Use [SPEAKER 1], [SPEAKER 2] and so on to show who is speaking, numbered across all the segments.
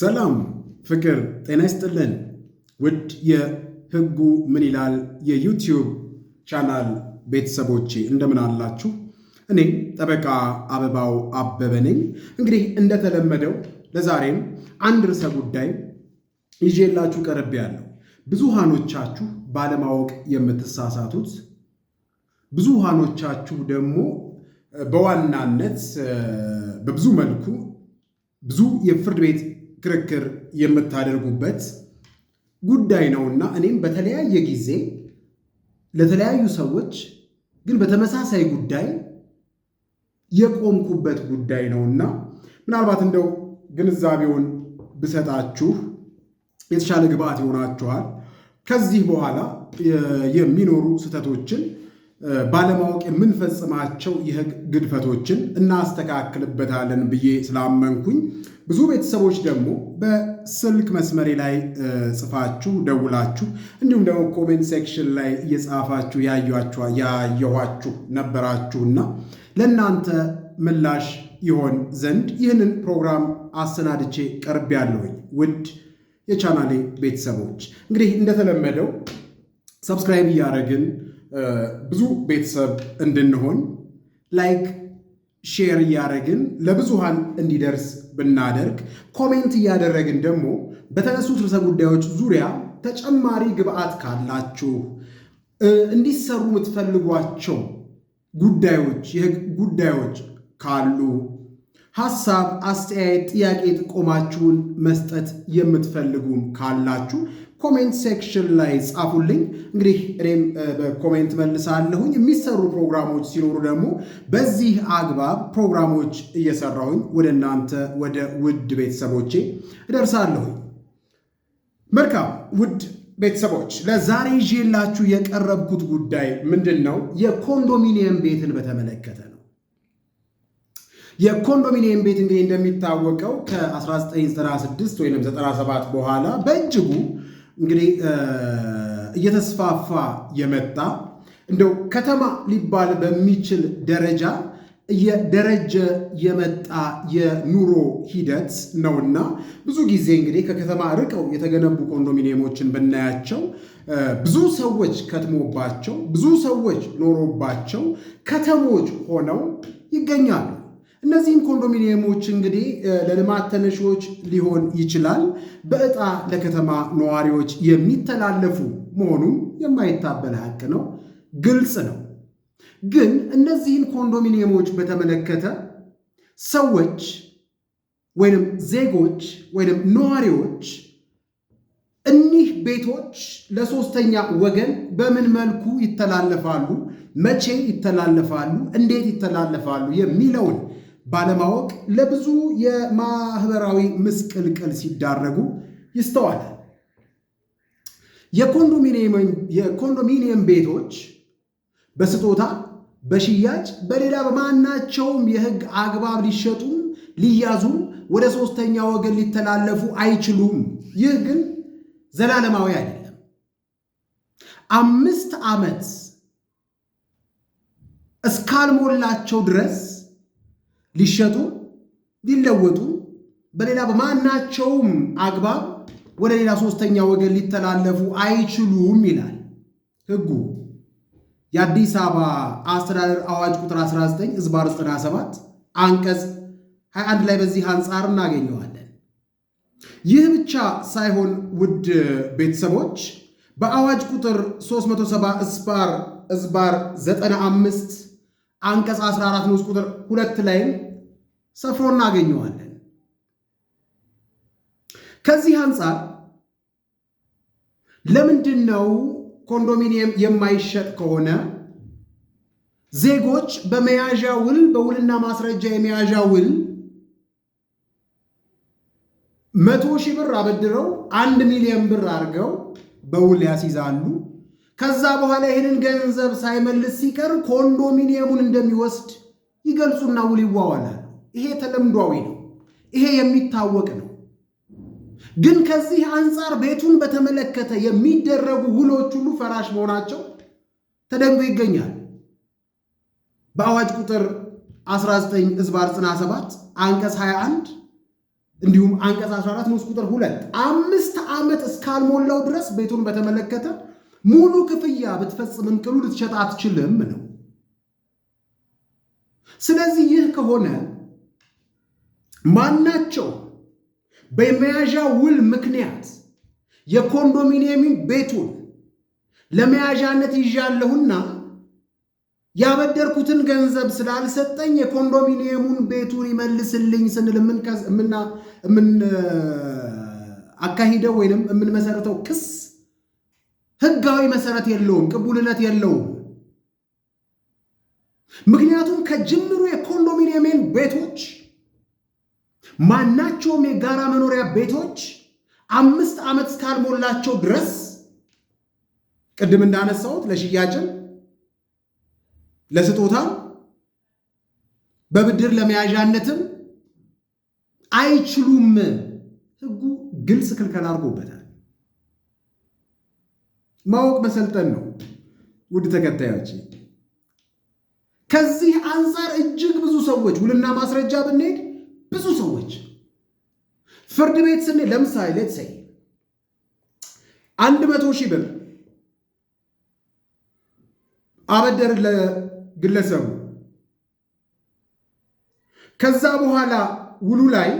[SPEAKER 1] ሰላም ፍቅር ጤና ይስጥልን። ውድ የህጉ ምን ይላል የዩቲዩብ ቻናል ቤተሰቦቼ እንደምን አላችሁ? እኔ ጠበቃ አበባው አበበ ነኝ። እንግዲህ እንደተለመደው ለዛሬም አንድ ርዕሰ ጉዳይ ይዤላችሁ ቀረብ ያለው ብዙሃኖቻችሁ ባለማወቅ የምትሳሳቱት ብዙሃኖቻችሁ ደግሞ በዋናነት በብዙ መልኩ ብዙ የፍርድ ቤት ክርክር የምታደርጉበት ጉዳይ ነውና እኔም በተለያየ ጊዜ ለተለያዩ ሰዎች ግን በተመሳሳይ ጉዳይ የቆምኩበት ጉዳይ ነውና ምናልባት እንደው ግንዛቤውን ብሰጣችሁ የተሻለ ግብዓት ይሆናችኋል። ከዚህ በኋላ የሚኖሩ ስህተቶችን ባለማወቅ የምንፈጽማቸው የህግ ግድፈቶችን እናስተካክልበታለን ብዬ ስላመንኩኝ ብዙ ቤተሰቦች ደግሞ በስልክ መስመሬ ላይ ጽፋችሁ ደውላችሁ እንዲሁም ደግሞ ኮሜንት ሴክሽን ላይ እየጻፋችሁ ያየኋችሁ ነበራችሁና ለእናንተ ምላሽ ይሆን ዘንድ ይህንን ፕሮግራም አሰናድቼ ቀርቤያለሁኝ። ውድ የቻናሌ ቤተሰቦች እንግዲህ እንደተለመደው ሰብስክራይብ እያደረግን ብዙ ቤተሰብ እንድንሆን ላይክ ሼር እያደረግን ለብዙሃን እንዲደርስ ብናደርግ ኮሜንት እያደረግን ደግሞ በተነሱት ርዕሰ ጉዳዮች ዙሪያ ተጨማሪ ግብአት ካላችሁ እንዲሰሩ የምትፈልጓቸው ጉዳዮች የህግ ጉዳዮች ካሉ ሀሳብ፣ አስተያየት፣ ጥያቄ ጥቆማችሁን መስጠት የምትፈልጉም ካላችሁ ኮሜንት ሴክሽን ላይ ጻፉልኝ። እንግዲህ እኔም በኮሜንት መልሳለሁኝ። የሚሰሩ ፕሮግራሞች ሲኖሩ ደግሞ በዚህ አግባብ ፕሮግራሞች እየሰራሁኝ ወደ እናንተ ወደ ውድ ቤተሰቦቼ እደርሳለሁኝ። መልካም ውድ ቤተሰቦች ለዛሬ ይዤላችሁ የቀረብኩት ጉዳይ ምንድን ነው? የኮንዶሚኒየም ቤትን በተመለከተ ነው። የኮንዶሚኒየም ቤት እንግዲህ እንደሚታወቀው ከ1996 ወይም 97 በኋላ በእጅጉ እንግዲህ እየተስፋፋ የመጣ እንደው ከተማ ሊባል በሚችል ደረጃ እየደረጀ የመጣ የኑሮ ሂደት ነውና ብዙ ጊዜ እንግዲህ ከከተማ ርቀው የተገነቡ ኮንዶሚኒየሞችን ብናያቸው ብዙ ሰዎች ከትሞባቸው ብዙ ሰዎች ኖሮባቸው ከተሞች ሆነው ይገኛሉ። እነዚህም ኮንዶሚኒየሞች እንግዲህ ለልማት ተነሺዎች ሊሆን ይችላል፣ በዕጣ ለከተማ ነዋሪዎች የሚተላለፉ መሆኑም የማይታበል ሀቅ ነው፣ ግልጽ ነው። ግን እነዚህን ኮንዶሚኒየሞች በተመለከተ ሰዎች ወይንም ዜጎች ወይንም ነዋሪዎች እኒህ ቤቶች ለሶስተኛ ወገን በምን መልኩ ይተላለፋሉ፣ መቼ ይተላለፋሉ፣ እንዴት ይተላለፋሉ የሚለውን ባለማወቅ ለብዙ የማህበራዊ ምስቅልቅል ሲዳረጉ ይስተዋላል። የኮንዶሚኒየም ቤቶች በስጦታ በሽያጭ በሌላ በማናቸውም የህግ አግባብ ሊሸጡም ሊያዙም ወደ ሶስተኛ ወገን ሊተላለፉ አይችሉም። ይህ ግን ዘላለማዊ አይደለም። አምስት ዓመት እስካልሞላቸው ድረስ ሊሸጡ ሊለወጡ በሌላ በማናቸውም አግባብ ወደ ሌላ ሶስተኛ ወገን ሊተላለፉ አይችሉም ይላል ህጉ የአዲስ አበባ አስተዳደር አዋጅ ቁጥር 19 ዝባር 97 አንቀጽ 21 ላይ በዚህ አንጻር እናገኘዋለን። ይህ ብቻ ሳይሆን ውድ ቤተሰቦች በአዋጅ ቁጥር 370 ዝባር 95 አንቀጽ 14 ንዑስ ቁጥር ሁለት ላይም ሰፍሮ እናገኘዋለን። ከዚህ አንጻር ለምንድን ነው ኮንዶሚኒየም የማይሸጥ ከሆነ ዜጎች በመያዣ ውል በውልና ማስረጃ የመያዣ ውል መቶ ሺህ ብር አበድረው አንድ ሚሊዮን ብር አድርገው በውል ያስይዛሉ። ከዛ በኋላ ይህንን ገንዘብ ሳይመልስ ሲቀር ኮንዶሚኒየሙን እንደሚወስድ ይገልጹና ውል ይዋዋላሉ። ይሄ ተለምዷዊ ነው። ይሄ የሚታወቅ ነው። ግን ከዚህ አንጻር ቤቱን በተመለከተ የሚደረጉ ውሎች ሁሉ ፈራሽ መሆናቸው ተደንጎ ይገኛል። በአዋጅ ቁጥር 19 እዝባር ጽና 7 አንቀጽ 21 እንዲሁም አንቀጽ 14 ንዑስ ቁጥር 2 አምስት ዓመት እስካልሞላው ድረስ ቤቱን በተመለከተ ሙሉ ክፍያ ብትፈጽምም ቅሉ ልትሸጥ አትችልም ነው። ስለዚህ ይህ ከሆነ ማናቸው በመያዣ ውል ምክንያት የኮንዶሚኒየም ቤቱን ለመያዣነት ይዣለሁና ያበደርኩትን ገንዘብ ስላልሰጠኝ የኮንዶሚኒየሙን ቤቱን ይመልስልኝ ስንል የምናካሂደው ወይንም የምንመሰረተው ክስ ህጋዊ መሰረት የለውም፣ ቅቡልነት የለውም። ምክንያቱም ከጅምሩ የኮንዶሚኒየም ቤቶች ማናቸውም የጋራ መኖሪያ ቤቶች አምስት ዓመት እስካልሞላቸው ድረስ ቅድም እንዳነሳሁት ለሽያጭም ለስጦታም በብድር ለመያዣነትም አይችሉም። ህጉ ግልጽ ክልከል አድርጎበታል። ማወቅ መሰልጠን ነው። ውድ ተከታዮች፣ ከዚህ አንጻር እጅግ ብዙ ሰዎች ውልና ማስረጃ ብንሄድ ብዙ ሰዎች ፍርድ ቤት ስንሄድ ለምሳሌ ሌት አንድ መቶ ሺህ ብር አበደር ለግለሰቡ ከዛ በኋላ ውሉ ላይ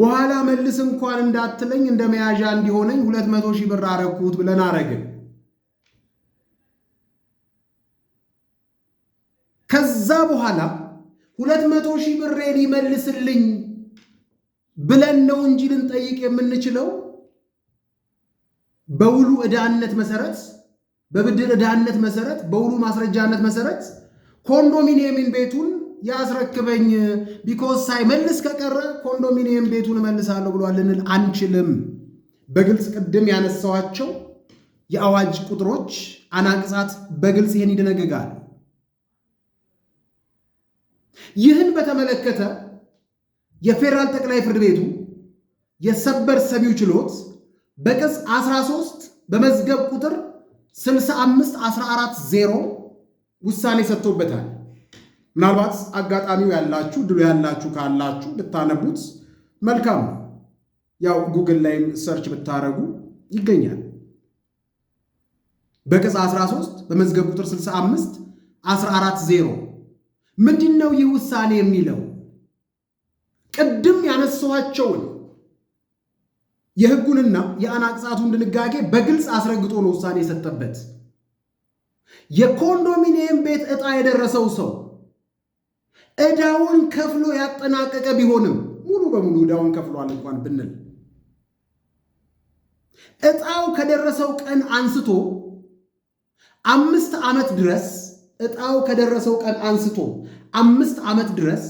[SPEAKER 1] በኋላ መልስ እንኳን እንዳትለኝ እንደ መያዣ እንዲሆነኝ ሁለት መቶ ሺህ ብር አረግኩት ብለን አረግን። ከዛ በኋላ ሁለት መቶ ሺህ ብሬን ይመልስልኝ ብለን ነው እንጂ ልንጠይቅ የምንችለው በውሉ ዕዳነት መሰረት፣ በብድር ዕዳነት መሰረት፣ በውሉ ማስረጃነት መሰረት ኮንዶሚኒየምን ቤቱን ያስረክበኝ ቢኮዝ ሳይመልስ ከቀረ ኮንዶሚኒየም ቤቱን እመልሳለሁ ብሏል ልንል አንችልም። በግልጽ ቅድም ያነሳዋቸው የአዋጅ ቁጥሮች አናቅጻት በግልጽ ይህን ይደነግጋል። ይህን በተመለከተ የፌዴራል ጠቅላይ ፍርድ ቤቱ የሰበር ሰሚው ችሎት በቅጽ 13 በመዝገብ ቁጥር 65 14 ውሳኔ ሰጥቶበታል። ምናልባት አጋጣሚው ያላችሁ ድሎ ያላችሁ ካላችሁ ብታነቡት መልካም ነው። ያው ጉግል ላይም ሰርች ብታደረጉ ይገኛል። በቅጽ 13 በመዝገብ ቁጥር 65 14 ዜሮ ምንድን ነው ይህ ውሳኔ የሚለው? ቅድም ያነሳኋቸውን የህጉንና የአናቅጻቱን ድንጋጌ በግልጽ አስረግጦ ነው ውሳኔ የሰጠበት። የኮንዶሚኒየም ቤት ዕጣ የደረሰው ሰው እዳውን ከፍሎ ያጠናቀቀ ቢሆንም ሙሉ በሙሉ እዳውን ከፍሏል እንኳን ብንል እጣው ከደረሰው ቀን አንስቶ አምስት ዓመት ድረስ እጣው ከደረሰው ቀን አንስቶ አምስት ዓመት ድረስ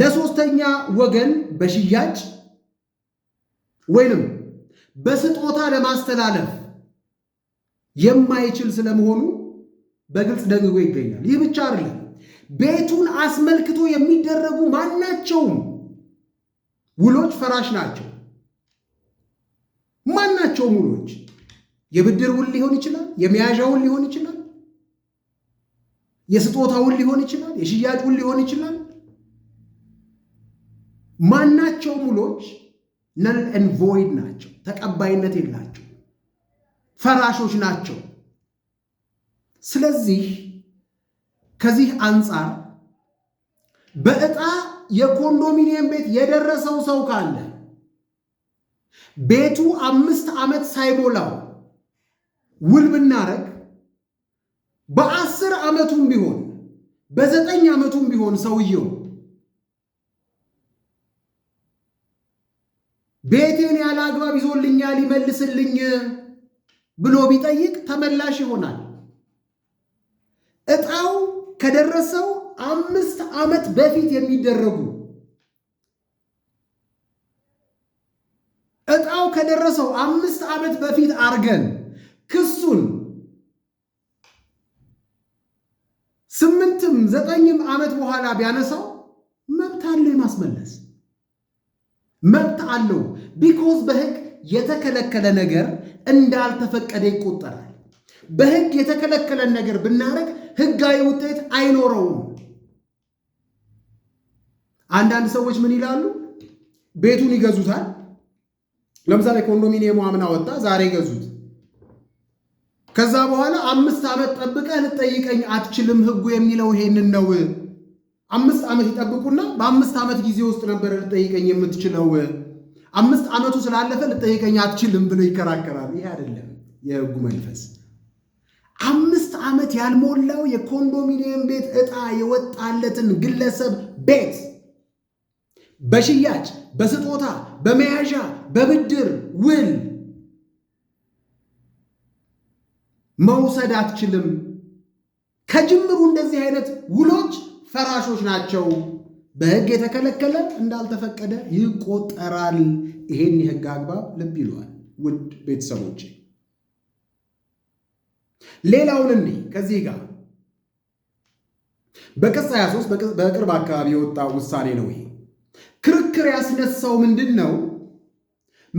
[SPEAKER 1] ለሶስተኛ ወገን በሽያጭ ወይንም በስጦታ ለማስተላለፍ የማይችል ስለመሆኑ በግልጽ ደንግጎ ይገኛል። ይህ ብቻ አይደለም። ቤቱን አስመልክቶ የሚደረጉ ማናቸውም ውሎች ፈራሽ ናቸው። ማናቸውም ውሎች የብድር ውል ሊሆን ይችላል፣ የመያዣ ውል ሊሆን ይችላል፣ የስጦታ ውል ሊሆን ይችላል፣ የሽያጭ ውል ሊሆን ይችላል። ማናቸውም ውሎች ነል ኤንድ ቮይድ ናቸው፣ ተቀባይነት የላቸው፣ ፈራሾች ናቸው። ስለዚህ ከዚህ አንጻር በዕጣ የኮንዶሚኒየም ቤት የደረሰው ሰው ካለ ቤቱ አምስት ዓመት ሳይሞላው ውል ብናረግ በአስር ዓመቱም ቢሆን በዘጠኝ ዓመቱም ቢሆን ሰውየው ቤቴን ያለ አግባብ ይዞልኛል ይመልስልኝ ብሎ ቢጠይቅ ተመላሽ ይሆናል። እጣው ከደረሰው አምስት ዓመት በፊት የሚደረጉ እጣው ከደረሰው አምስት ዓመት በፊት አርገን ክሱን ስምንትም ዘጠኝም ዓመት በኋላ ቢያነሳው መብት አለው የማስመለስ መብት አለው። ቢኮዝ በህግ የተከለከለ ነገር እንዳልተፈቀደ ይቆጠራል። በህግ የተከለከለን ነገር ብናደርግ ህጋዊ ውጤት አይኖረውም። አንዳንድ ሰዎች ምን ይላሉ? ቤቱን ይገዙታል። ለምሳሌ ኮንዶሚኒየሙ አምና ወጣ፣ ዛሬ ገዙት። ከዛ በኋላ አምስት ዓመት ጠብቀህ ልጠይቀኝ አትችልም። ህጉ የሚለው ይሄንን ነው። አምስት ዓመት ይጠብቁና በአምስት ዓመት ጊዜ ውስጥ ነበረ ልጠይቀኝ የምትችለው፣ አምስት ዓመቱ ስላለፈ ልጠይቀኝ አትችልም ብለው ይከራከራሉ። ይሄ አይደለም የህጉ መንፈስ። ዓመት ያልሞላው የኮንዶሚኒየም ቤት ዕጣ የወጣለትን ግለሰብ ቤት በሽያጭ በስጦታ በመያዣ በብድር ውል መውሰድ አትችልም። ከጅምሩ እንደዚህ አይነት ውሎች ፈራሾች ናቸው። በሕግ የተከለከለ እንዳልተፈቀደ ይቆጠራል። ይሄን የሕግ አግባብ ልብ ይለዋል። ውድ ቤተሰቦቼ ሌላውን እኒ ከዚህ ጋር በቅጽ 23 በቅርብ አካባቢ የወጣ ውሳኔ ነው ይሄ። ክርክር ያስነሳው ምንድን ነው?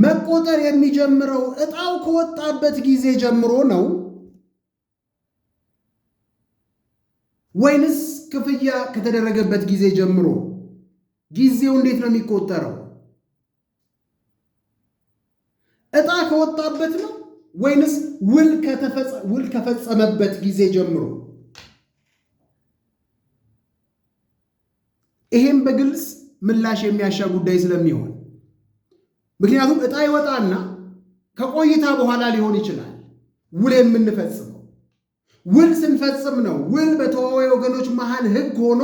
[SPEAKER 1] መቆጠር የሚጀምረው እጣው ከወጣበት ጊዜ ጀምሮ ነው ወይንስ ክፍያ ከተደረገበት ጊዜ ጀምሮ? ጊዜው እንዴት ነው የሚቆጠረው? እጣ ከወጣበት ነው ወይንስ ውል ከፈጸመበት ጊዜ ጀምሮ? ይሄም በግልጽ ምላሽ የሚያሻ ጉዳይ ስለሚሆን ምክንያቱም ዕጣ ይወጣና ከቆይታ በኋላ ሊሆን ይችላል ውል የምንፈጽመው። ውል ስንፈጽም ነው ውል በተዋዋይ ወገኖች መሃል ሕግ ሆኖ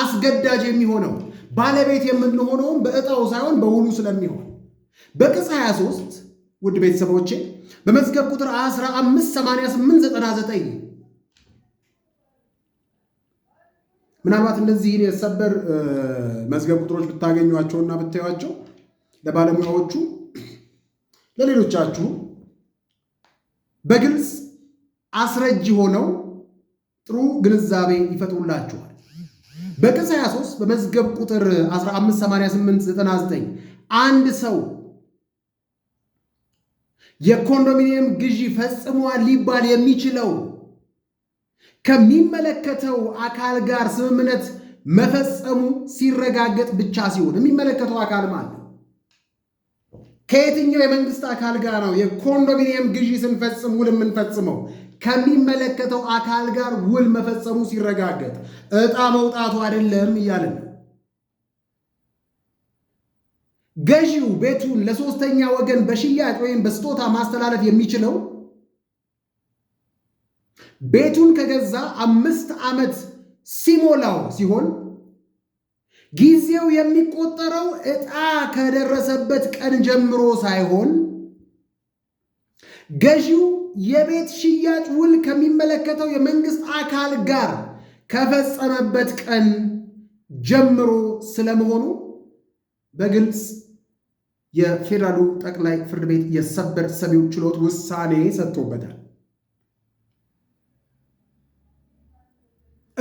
[SPEAKER 1] አስገዳጅ የሚሆነው ባለቤት የምንሆነውም በዕጣው ሳይሆን በውሉ ስለሚሆን በቅጽ 23 ውድ ቤተሰቦቼ በመዝገብ ቁጥር 158899 88 ምናልባት እነዚህን የሰበር መዝገብ ቁጥሮች ብታገኟቸውና ብታዩቸው ለባለሙያዎቹ ለሌሎቻችሁ በግልጽ አስረጅ ሆነው ጥሩ ግንዛቤ ይፈጥሩላችኋል። በቅጽ 23 በመዝገብ ቁጥር 158899 አንድ ሰው የኮንዶሚኒየም ግዢ ፈጽሟ ሊባል የሚችለው ከሚመለከተው አካል ጋር ስምምነት መፈጸሙ ሲረጋገጥ ብቻ ሲሆን የሚመለከተው አካል ማለት ከየትኛው የመንግስት አካል ጋር ነው የኮንዶሚኒየም ግዢ ስንፈጽም ውል የምንፈጽመው? ከሚመለከተው አካል ጋር ውል መፈጸሙ ሲረጋገጥ፣ እጣ መውጣቱ አይደለም እያለን ነው። ገዢው ቤቱን ለሶስተኛ ወገን በሽያጭ ወይም በስጦታ ማስተላለፍ የሚችለው ቤቱን ከገዛ አምስት ዓመት ሲሞላው ሲሆን ጊዜው የሚቆጠረው ዕጣ ከደረሰበት ቀን ጀምሮ ሳይሆን ገዢው የቤት ሽያጭ ውል ከሚመለከተው የመንግስት አካል ጋር ከፈጸመበት ቀን ጀምሮ ስለመሆኑ በግልጽ የፌዴራሉ ጠቅላይ ፍርድ ቤት የሰበር ሰሚው ችሎት ውሳኔ ሰጥቶበታል።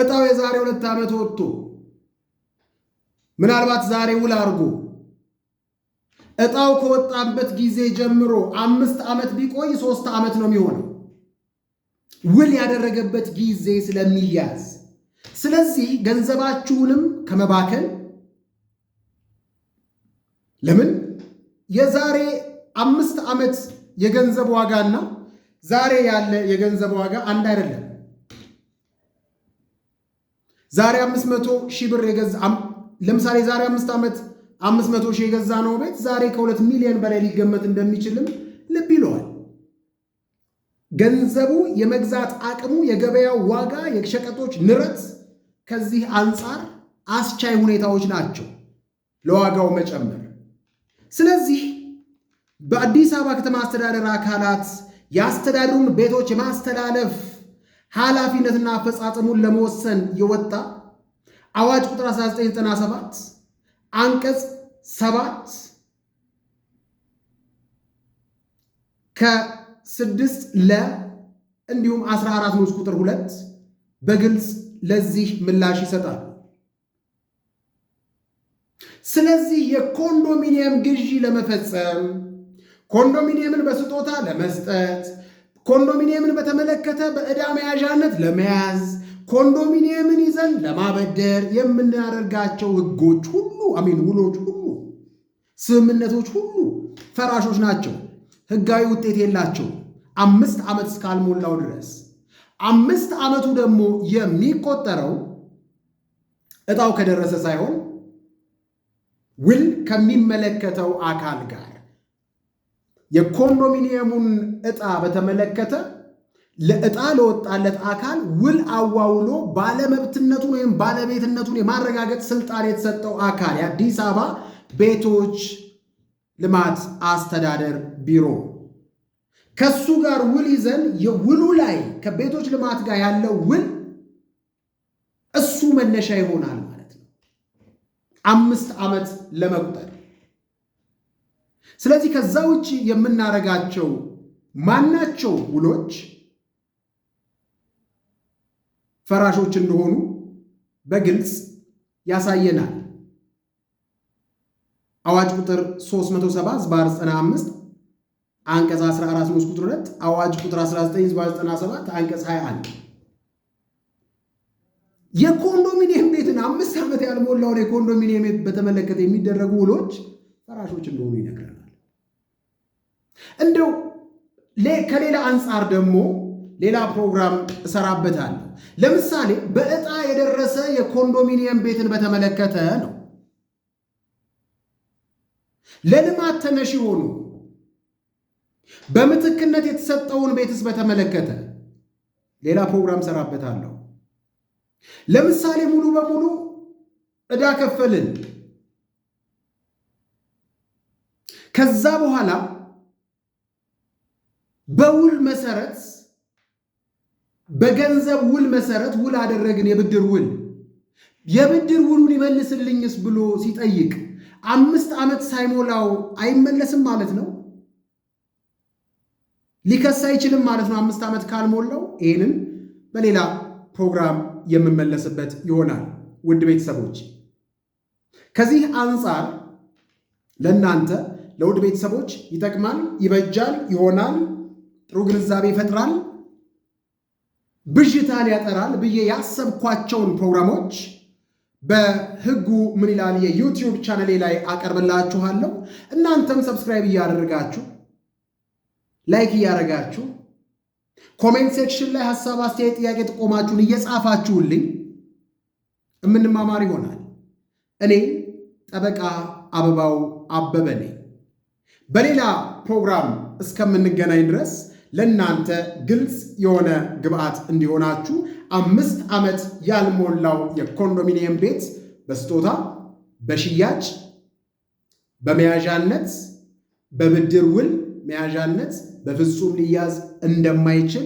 [SPEAKER 1] እጣው የዛሬ ሁለት ዓመት ወጥቶ ምናልባት ዛሬ ውል አድርጎ እጣው ከወጣበት ጊዜ ጀምሮ አምስት ዓመት ቢቆይ ሶስት ዓመት ነው የሚሆነው ውል ያደረገበት ጊዜ ስለሚያዝ። ስለዚህ ገንዘባችሁንም ከመባከል ለምን የዛሬ አምስት ዓመት የገንዘብ ዋጋና ዛሬ ያለ የገንዘብ ዋጋ አንድ አይደለም። ዛሬ አምስት መቶ ሺህ ብር የገዛ ለምሳሌ ዛሬ አምስት ዓመት አምስት መቶ ሺህ የገዛ ነው ቤት ዛሬ ከሁለት ሚሊዮን በላይ ሊገመት እንደሚችልም ልብ ይለዋል። ገንዘቡ የመግዛት አቅሙ፣ የገበያው ዋጋ፣ የሸቀጦች ንረት ከዚህ አንጻር አስቻይ ሁኔታዎች ናቸው ለዋጋው መጨመር። ስለዚህ በአዲስ አበባ ከተማ አስተዳደር አካላት የአስተዳደሩን ቤቶች የማስተላለፍ ኃላፊነትና አፈጻጸሙን ለመወሰን የወጣ አዋጅ ቁጥር 1997 አንቀጽ 7 ከስድስት ለ እንዲሁም 14 ንዑስ ቁጥር 2 በግልጽ ለዚህ ምላሽ ይሰጣል። ስለዚህ የኮንዶሚኒየም ግዢ ለመፈጸም ኮንዶሚኒየምን በስጦታ ለመስጠት ኮንዶሚኒየምን በተመለከተ በዕዳ መያዣነት ለመያዝ ኮንዶሚኒየምን ይዘን ለማበደር የምናደርጋቸው ህጎች ሁሉ አሚን ውሎች ሁሉ ስምምነቶች ሁሉ ፈራሾች ናቸው። ህጋዊ ውጤት የላቸው አምስት ዓመት እስካልሞላው ድረስ አምስት ዓመቱ ደግሞ የሚቆጠረው ዕጣው ከደረሰ ሳይሆን ውል ከሚመለከተው አካል ጋር የኮንዶሚኒየሙን ዕጣ በተመለከተ ለዕጣ ለወጣለት አካል ውል አዋውሎ ባለመብትነቱን ወይም ባለቤትነቱን የማረጋገጥ ስልጣን የተሰጠው አካል የአዲስ አበባ ቤቶች ልማት አስተዳደር ቢሮ ከሱ ጋር ውል ይዘን የውሉ ላይ ከቤቶች ልማት ጋር ያለው ውል እሱ መነሻ ይሆናል። አምስት ዓመት ለመቁጠር። ስለዚህ ከዛ ውጭ የምናደርጋቸው ማናቸው ውሎች ፈራሾች እንደሆኑ በግልጽ ያሳየናል። አዋጅ ቁጥር 370 ዝባር 95 አንቀጽ 14 ንዑስ ቁጥር 2፣ አዋጅ ቁጥር 19 ዝባር 97 አንቀጽ 21 የኮንዶሚኒየም ቤትን አምስት ዓመት ያልሞላውን የኮንዶሚኒየም ቤት በተመለከተ የሚደረጉ ውሎች ፈራሾች እንደሆኑ ይነግረናል። እንደው ከሌላ አንጻር ደግሞ ሌላ ፕሮግራም እሰራበታለሁ። ለምሳሌ በእጣ የደረሰ የኮንዶሚኒየም ቤትን በተመለከተ ነው። ለልማት ተነሽ ሆኖ በምትክነት የተሰጠውን ቤትስ በተመለከተ ሌላ ፕሮግራም እሰራበታለሁ። ለምሳሌ ሙሉ በሙሉ እዳ ከፈልን። ከዛ በኋላ በውል መሰረት በገንዘብ ውል መሰረት ውል አደረግን። የብድር ውል የብድር ውሉን ይመልስልኝስ ብሎ ሲጠይቅ አምስት ዓመት ሳይሞላው አይመለስም ማለት ነው። ሊከስ አይችልም ማለት ነው። አምስት ዓመት ካልሞላው ይህንን በሌላ ፕሮግራም የምመለስበት ይሆናል። ውድ ቤተሰቦች ከዚህ አንጻር ለእናንተ ለውድ ቤተሰቦች ይጠቅማል፣ ይበጃል፣ ይሆናል፣ ጥሩ ግንዛቤ ይፈጥራል፣ ብዥታን ያጠራል ብዬ ያሰብኳቸውን ፕሮግራሞች በህጉ ምን ይላል የዩቲዩብ ቻነሌ ላይ አቀርብላችኋለሁ። እናንተም ሰብስክራይብ እያደረጋችሁ ላይክ እያደረጋችሁ ኮሜንት ሴክሽን ላይ ሀሳብ፣ አስተያየት፣ ጥያቄ ጥቆማችሁን እየጻፋችሁልኝ የምንማማር ይሆናል። እኔ ጠበቃ አበባው አበበ ነኝ። በሌላ ፕሮግራም እስከምንገናኝ ድረስ ለእናንተ ግልጽ የሆነ ግብአት እንዲሆናችሁ አምስት ዓመት ያልሞላው የኮንዶሚኒየም ቤት በስጦታ በሽያጭ በመያዣነት በብድር ውል መያዣነት በፍጹም ሊያዝ እንደማይችል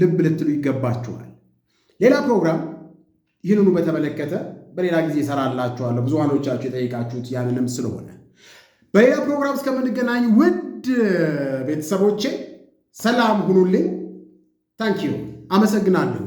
[SPEAKER 1] ልብ ልትሉ ይገባችኋል። ሌላ ፕሮግራም ይህንኑ በተመለከተ በሌላ ጊዜ እሰራላችኋለሁ። ብዙሃኖቻችሁ የጠየቃችሁት ያንንም ስለሆነ በሌላ ፕሮግራም እስከምንገናኝ ውድ ቤተሰቦቼ ሰላም ሁኑልኝ። ታንኪዩ አመሰግናለሁ።